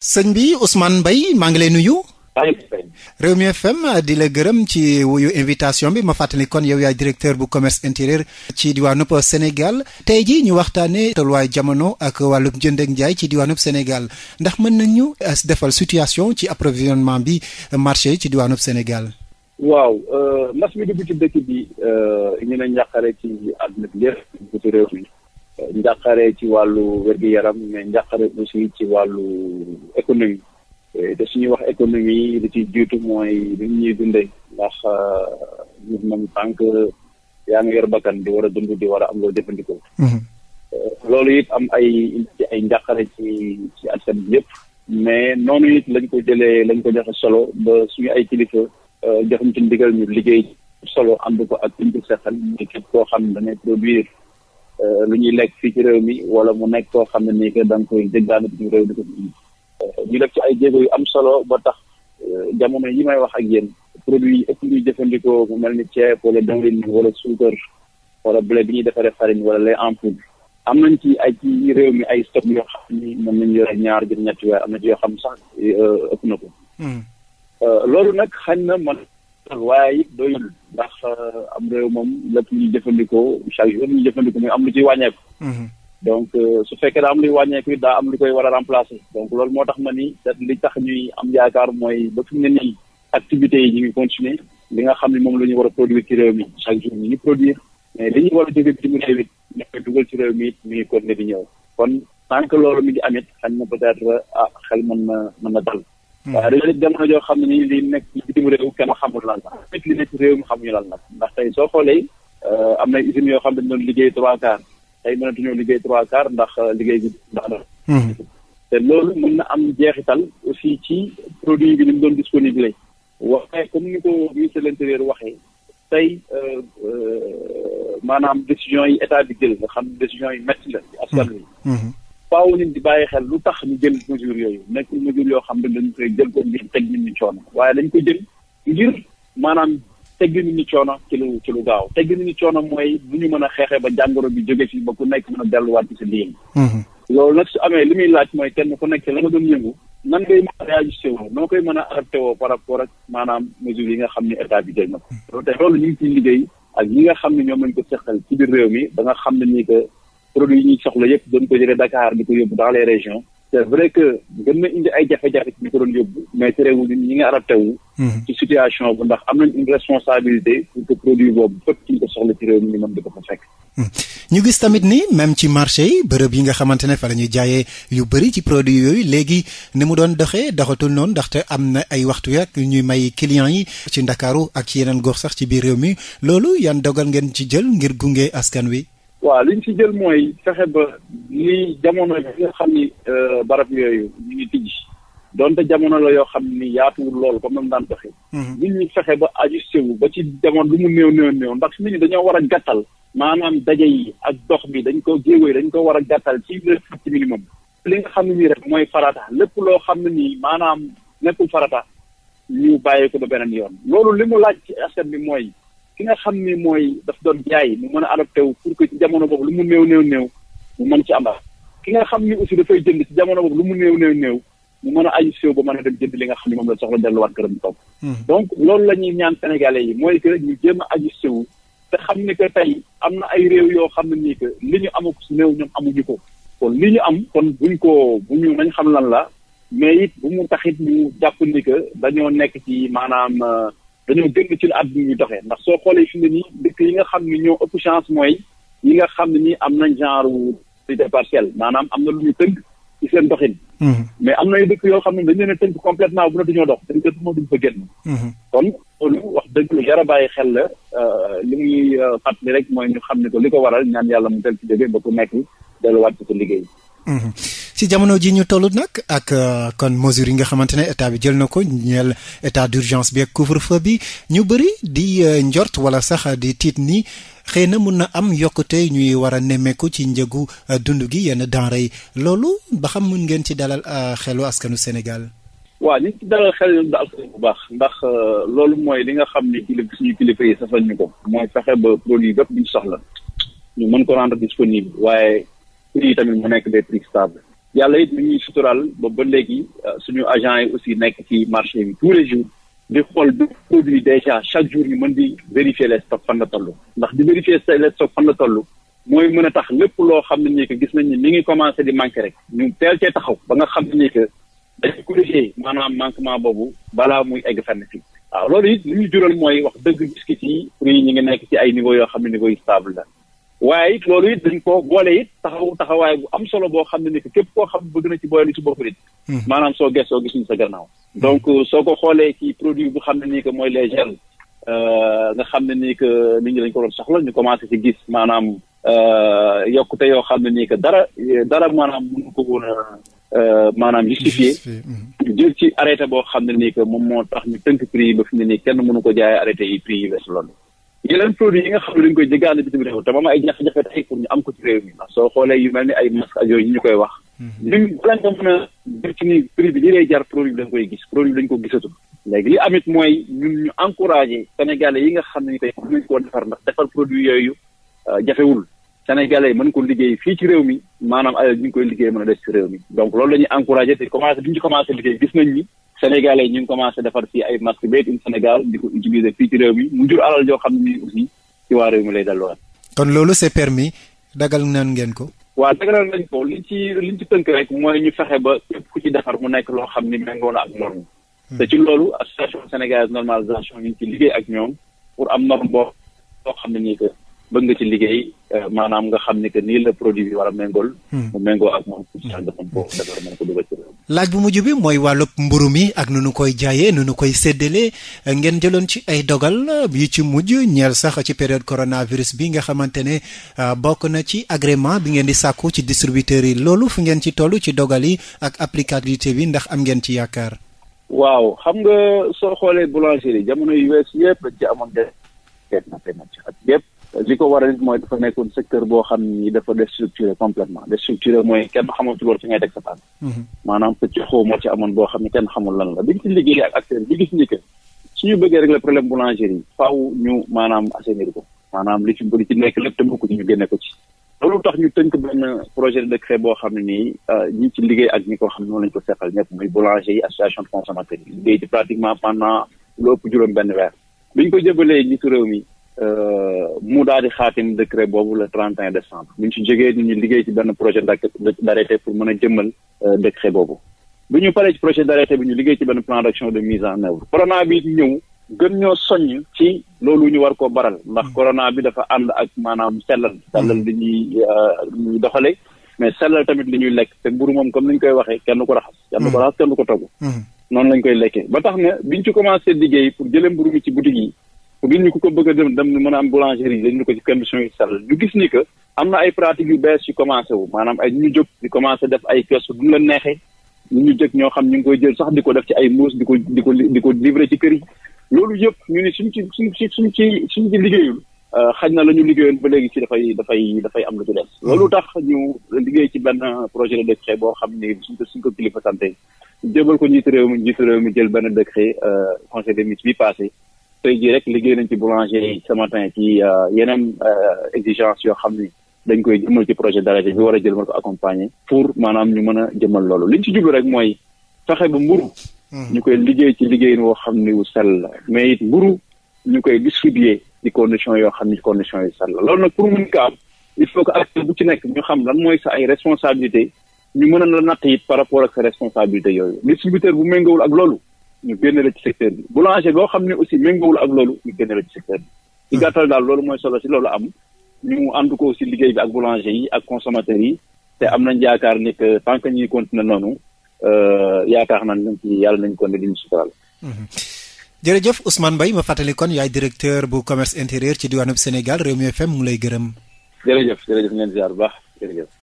sëñ bi Ousmane Mbaye maa ngi lay nuyu. Rewmi FM di la gërëm ci wuyu invitation bi ma fàttali kon yow yaay directeur bu commerce intérieur ci diwaanu Sénégal tey jii ñu waxtaanee tolluwaay jamono ak wàllu jënd ak njaay ci diwaanu Sénégal ndax mën nañu euh, defal situation ci approvisionnement bi euh, marché ci diwaanub Sénégal. waaw euh, mas bi ñu ne njàqare ci njàqare ci wàllu wér-gu-yaram mais njàqare aussi ci wàllu économie su suñuy wax économie di ci jiitu mooy li ñuy dundee ndax ñun euh, moom tànk yaa ngi yor bakkan di war a dund di war a am loo jëfandikoo. Mm-hmm. Euh, loolu it am ay ay njàqare ci at askan bi yëpp. mais noonu it lañ ko jëlee lañ ko joxe solo ba suñu ay kilifa euh, joxuñ ci ndigal ñu liggéey solo ànd ko ak liñ ko koo xam ne dañuy produire. Euh, lu ñuy lekk fii ci réew mi wala mu nekk koo xam ne nii que da koy jéggaani bitim réew di ko indi euh, ñu def ci ay jéego yu am solo ba tax euh, jamono yi may wax ak yéen produit yi ëpp ñuy jëfandikoo mu mel ni ceeb wala diwlin wala suukar wala blé bi ñuy defaree farine wala lait en poudre am nañ ci ay ci réew mi ay stock yoo xam ni mën nañ yore ñaar jëm ñetti weer am na yoo xam sax ëpp na ko hmm. loolu nag xañ na man gàttal waaye it doyul ndax euh, am réew moom lépp ñu jëfandikoo chaque jour ñu jëfandikoo muy am lu ciy wàññeeku. Mm-hmm. donc euh, su fekkee daa am luy wàññeeku it daa am lu koy war a remplacer donc loolu moo tax ma ni li tax ñuy am yaakaar mooy ba fi mu ne nii activités yi ñu ngi continuer li nga xam ne moom la ñuy war a produire ci réew mi chaque jour ñu ngi produire mais li ñu war a jóge bitim réew it ñu koy dugal ci réew mi it mi ngi continuer di ñëw kon tant loolu mi ngi amit xañ na peut-être ah xel mën na mën na dal. waaye dañoo nekk jamono joo xam ne nii li nekk ci réew kenn xamul lan la nit li nekk réew xamuñu lan la ndax tey soo xoolee euh, am na usines yoo xam ne dañu doon liggéey trois quarts tey mënatuñoo liggéey trois quarts ndax euh, liggéey bi ndax mm-hmm. te loolu mën na am jeexital aussi ci produit bi ni mu doon disponible waxee comme ni ko ministre de l'intérieur waxee tey euh, maanaam décision yi état bi jël nga xam décision yi métti la ci askan wi mm-hmm. Mm-hmm. faaw nit di bàyyi xel lu tax ñu jël mesures yooyu nekkul mesures yoo xam ne dañ koy jël ko ngir teg nit ñi coono waaye dañ ko jël ngir maanaam teg nit ñi coono ci lu ci lu gaaw teg nit ñi coono mooy bu ñu mën a xeexee ba jàngoro bi jóge fi ba nekk mën a delluwaat ci sa liggéey. Mm-hmm. loolu nag si amee li muy laaj mooy kenn ku nekk la nga doon yëngu nan ngay mën a réajusté woo noo koy mën a adapté woo par rapport ak maanaam mesures yi nga xam ne état bi jël na ko. Mm-hmm. loolu tey loolu ñu ngi liggéey ak ñi nga xam ne ñoom lañ ko seqal ci biir réew mi ba nga xam ne nii produit yi ñu soxla yëpp doon ko jëlee Dakar di ko yóbbu dans les région c'est vrai que gën na indi ay jafe-jafe ci ñu ko doon yóbbu mais terewul ñi nga adapté mm-hmm. ci situation bu ndax nañ une responsabilité pour que produit boobu fépp ko réew mi ñu ko fa mm-hmm. ñu gis tamit ni même ci marché yi bërëb yi nga xamante ne fa la ñuy jaayee yu bëri ci produit yooyu léegi ni mu doon doxee doxatul noonu ndaxte am na ay waxtu yak ñuy may clients yi ci Ndakaaru ak ci yeneen gox sax ci biir réew mi loolu yan dogal ngeen ci jël ngir gunge askan wi waaw li ñu ci jël mooy fexe ba ni jamono yi nga xam ni euh, barab yooyu ñu ngi tijji donte jamono la yoo xam ni yaatuwul lool comme nam daan doxee. Mhm. nit ñi fexe ba ajusté wu ba ci jamono lu mu néew néew néew ndax nit ñi dañoo war a gàttal maanaam daje yi ak dox bi dañ ko jéego yi dañ ko war a gàttal ci le ci li nga xam ne nii rek mooy farata lépp loo xam ne nii maanaam nekkul farata ñu bàyyi ko ba beneen yoon loolu li mu laaj ci askan bi mooy. ki nga xam ne mooy daf doon jaay mu mën a adopté wu pour que ci jamono boobu lu mu néew néew néew mu mën ci am ki nga xam ni aussi dafay jënd jamono lu mu néew néew néew mu mën a aju sew ba mën a dem jënd li nga xam ne moom la soxla delluwaat këram toog hmm. donc loolu la ñuy ñaan sénégalais yi mooy que ñu jéem a aju sew te xam ni que tey am na ay réew yoo xam ne nii que li ñu amako si néew ñoom amuñu ko kon li ñu am kon buñ ko bu ñu nañ xam lan la mais it bu mu taxit ñu jàpp ni que dañoo nekk ci maanaam euh, dañoo génn ci la àdduna ñuy doxee ndax soo xoolee fi ne nii dëkk yi nga xam ne ñoo ëpp chance mooy yi nga xam ne nii am nañ genre propriété partielle maanaam am na lu ñuy tënk ci seen doxin. Mhm. mais am na ay dëkk yoo xam ne dañu leen a tënk complètement bu ne dañoo dox dañ ko moom duñ fa génn. Mhm. kon loolu wax dëgg lu jar a bàyyi xel la euh, li muy euh, fàttali rek mooy ñu xam ne ko li ko waral ñaan yàlla mu del ci jóge ba ku nekk delluwaat ci sa liggéey. Mhm. ci jamono ji ñu tollu nag ak euh, kon mesures yi nga xamante ne état bi jël na ko ñeel état d'urgence bi ak couvre-feu bi ñu bëri di euh, njort wala sax di tiit nii xëy na mun na am yokkute ñuy war a nemmeeku ci njëgu euh, dund gi yenn denrée yi loolu ba xam mun ngeen ci dalal xelu askanu Sénégal. waa li ci dalal xel ñu daal bu baax ndax loolu mooy li nga xam ne kilifa suñu kilifa yi safal ñu ko mooy pexe ba produit bépp ñu soxla ñu mën ko rendre disponible waaye nekk des yàlla it mi ñuy sutural boobu ba léegi euh, suñu agent yi aussi nekk ci marché bi tous les jours di xool du produit déjà chaque jour ñu mën di vérifier les stocks fan la toll ndax di vérifier les stocks fan la toll mooy mën a tax lépp loo xam ne ni ko gis nañ ni mi ngi commencé di manqué rek ñu teel cee taxaw ba nga xam ni que dañu corrigé maanaam manquement boobu balaa muy egg fenn fii waaw loolu it lu ñu jural mooy wax dëgg biscuit yi prix yi ñu ngi nekk ci ay niveau yoo xam ne niveau yu stable la waaye it loolu it dañ ko boole it taxaw taxawaay bu am solo boo xam ne ni képp koo xam bëgg na ci boole ci bopp nit hmm. maanaam soo gëstoo gisuñu sa gannaaw hmm. donc euh, soo ko xoolee ci produit bu xam ne nii que mooy les gels euh, nga xam ne nii que nit ñi lañ ko doon soxla ñu commencé ci gis maanaam euh, yokkute yoo xam ne nii que dara dara maanaam mënu ko woon a maanaam hmm. jël ci arrêté boo xam ne nii moom moo tax ñu tënk prix yi ba fi ne nii kenn mënu ko jaayee arrêté yi prix yi weesu loolu yeneen produit yi nga xam ne dañ koy jéggaane bitim réew te xoolee yu mel ni ay masque ñu koy wax. duñ mhm. bala nga mën a jël ci jar produit bi dañ koy gis produit dañ ko gisatul. léegi amit mooy ñun ñu encouragé sénégalais yi nga xam ne tey mën nañ koo defar ndax defar produit yooyu euh, jafewul sénégalais yi mën ko liggéey fii ci réew mi maanaam alal ñu ngi koy liggéey mën a des ci réew mi donc loolu la ñuy encouragé commencé bi liggéey gis nañ ni sénégalais ñu ngi commencé defar fii ay masque made in Sénégal di fii ci réew mi mu jur alal joo xam ne nii aussi ci waa réew mi lay delluwaat. kon loolu c'est permis dagal nan ngeen ko. waaw dagal nañ ko liñ ci liñ ci tënk rek mooy ñu fexe ba képp ku ci defar mu nekk loo xam ni méngoo na ak norme. Hmm. te ci loolu association sénégalaise normalisation ñu ngi ci liggéey ak ñoom pour am norme boo boo xam ne nii que bëgg nga ci liggéey maanaam nga xam ni que nii la produit bi war a méngool. mu méngoo ak moom pour nga mën ko dugal ci laaj bu mujj bi mooy wàllub mburu mi ak nu nu koy jaayee nu nu koy séddale ngeen jëloon ci ay dogal yi ci mujj ñeel sax ci période coronavirus bi nga xamante ne bokk na ci agrément bi ngeen di sàkku ci distributeurs yi loolu fi ngeen ci toll ci dogal yi ak applicabilité bi ndax am ngeen ci yaakaar. waaw xam nga soo xoolee boulangerie jamono yu wees yëpp dañ ci amoon li ko waral it mooy dafa nekkoon secteur boo xam ni dafa déstructuré complètement déstructuré mooy kenn xamul ci loolu fi ngay teg sa tànk moo mhm. ci amoon boo xam ni kenn xamul lan la biñ ci liggéey ak acteur bi gis ni que suñu bëggee régler problème boulangerie yi faaw ñu maanaam assainir ko maanaam lu ci bëri ci nekk lépp te mbokk ci ñu génne ko ci loolu tax ñu tënk benn projet de décret boo xam ne nii euh, ñi ci liggéey ak ñi ko xam ne noonu lañu ko seqal ñëpp muy boulanger yi association de consommateurs yi liggéey ci pratiquement pendant lu ëpp benn weer ko jëbalee ñi su réew mi Euh, mu daal di xaatim décret boobu le trente et un décembre bu ñu ci jógee ñu liggéey ci benn projet d'arrêté pour mën a jëmmal euh, décret boobu bu ñu paree ci projet d'arrêté bi ñu liggéey ci benn plan d'action de mise en œuvre corona bi ñëw gën ñoo soññ ci loolu ñu war koo baral ndax hmm. corona bi dafa ànd ak maanaam sellal hmm. sellal li euh, ñuy doxale mais sellal tamit li ñuy lekk te mburu moom comme ni ñu koy waxee kenn ko raxas kenn ko hmm. raxas kenn ko togg noonu lañ pour ñu ko ko bëgg a dem dem mën a am boulangerie dañu ko ci commission yi sall ñu gis ni que am na ay pratiques yu bees yu commencé wu maanaam ay ñu jóg di commencé def ay kiosque du leen neexee ñu ñu jóg ñoo xam ñu ngi koy jël sax di ko def ci ay mbuus di ko di ko di ko livré ci kër yi loolu yëpp ñu ni suñ ci suñ ci suñ ci suñ ci liggéeyul euh, xaj na la ñu liggéeyoon ba léegi ci dafay dafay dafay am lu ci des loolu hmm. tax ñu liggéey ci benn projet de décret boo xam ni suñ ko ko kilifa santé jébal ko njiitu réew mi njiitu réew mi jël benn décret euh, conseil des ministres bi passé tey jii rek liggéey nañ ci boulanger yi ce matin ci euh, yeneen euh, exigence yoo xam ni dañ koy jëmal ci projet d'arrêté bi war a jël mën ko accompagner pour maanaam ñu mën a jëmal loolu liñ ci jublu rek mooy fexe ba mburu hmm. ñu koy liggéey ci liggéeyin woo xam ni wu sell la mais it mburu ñu koy distribuer ci condition yoo xam ni condition yu sell la loolu nag pour mun ko am il faut que acteur bu ci nekk ñu xam lan mooy sa ay responsabilité ñu mën a naq natt par rapport ak sa responsabilité yooyu distributeur bu méngawul ak loolu ñu génne la ci secteur bi boulanger boo xam ne aussi méngoowul ak loolu ñu génne secteur bi ci hmm. gàttal loolu mooy solo si loolu am ñu ànd ko aussi liggéey bi ak boulanger yi ak consommateurs yi te am nañ yaakaar ni que tant que ñuy continuer noonu euh, yaakaar nañ nañ ci yàlla nañ ko ne diñu suturaal hmm. jërëjëf Ousmane Mbaye ma fàttali kon yaay directeur bu commerce intérieur ci diwaanu Sénégal Rewmi FM mu lay gërëm jërëjëf jërëjëf ngeen ziar bu baax jërëjëf